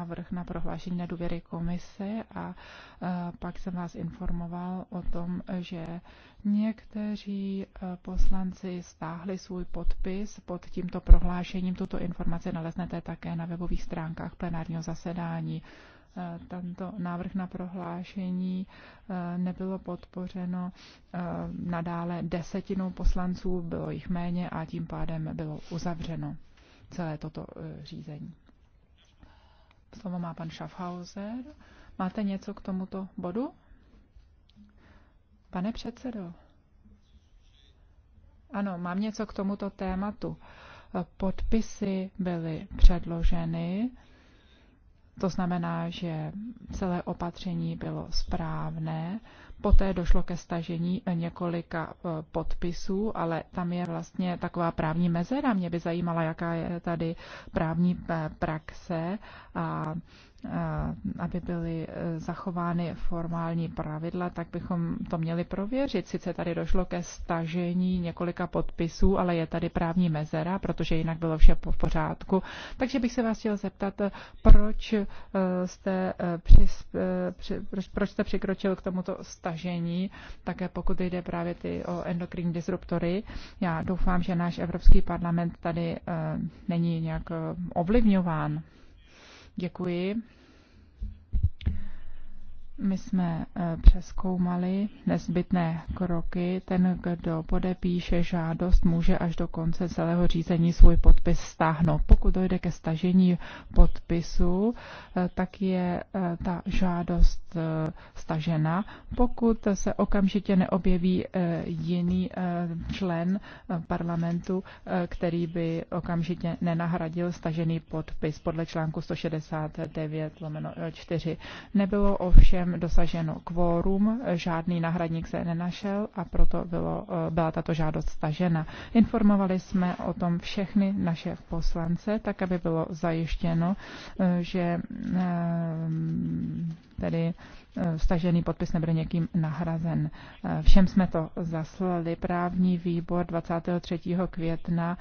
návrh na prohlášení nedůvěry komise a e, pak jsem vás informoval o tom, že někteří e, poslanci stáhli svůj podpis pod tímto prohlášením. Tuto informaci naleznete také na webových stránkách plenárního zasedání e, tento návrh na prohlášení nebylo podpořeno nadále desetinou poslanců, bylo jich méně a tím pádem bylo uzavřeno celé toto řízení. Slovo má pan Schaffhauser. Máte něco k tomuto bodu? Pane předsedo. Ano, mám něco k tomuto tématu. Podpisy byly předloženy to znamená, že celé opatření bylo správné. Poté došlo ke stažení několika eh, podpisů, ale tam je vlastně taková právní mezera. Mě by zajímala, jaká je tady právní eh, praxe a aby byly e, zachovány formální pravidla, tak bychom to měli prověřit. Sice tady došlo ke stažení několika podpisů, ale je tady právní mezera, protože jinak bylo vše v pořádku. Takže bych se vás chtěl zeptat, e, proč e, jste, přis, proč, proč jste přikročil k tomuto stažení, také pokud jde právě ty o endokrinní disruptory. Já doufám, že náš Evropský parlament tady není nějak ovlivňován. Děkuji. My jsme eh, přeskoumali nezbytné kroky. Ten, kdo podepíše žádost, může až do konce celého řízení svůj podpis stáhnout. Pokud dojde ke stažení podpisu, eh, tak je eh, ta žádost stažena. Pokud se okamžitě neobjeví jiný člen parlamentu, který by okamžitě nenahradil stažený podpis podle článku 169 4. Nebylo ovšem tam dosaženo kvórum, žádný nahradník se nenašel a proto bylo, eh, byla tato žádost stažena. Informovali jsme o tom všechny naše poslance, tak aby bylo zajištěno, eh, že eh, tedy stažený podpis nebude někým nahrazen. Všem jsme to zaslali. Právní výbor 23. května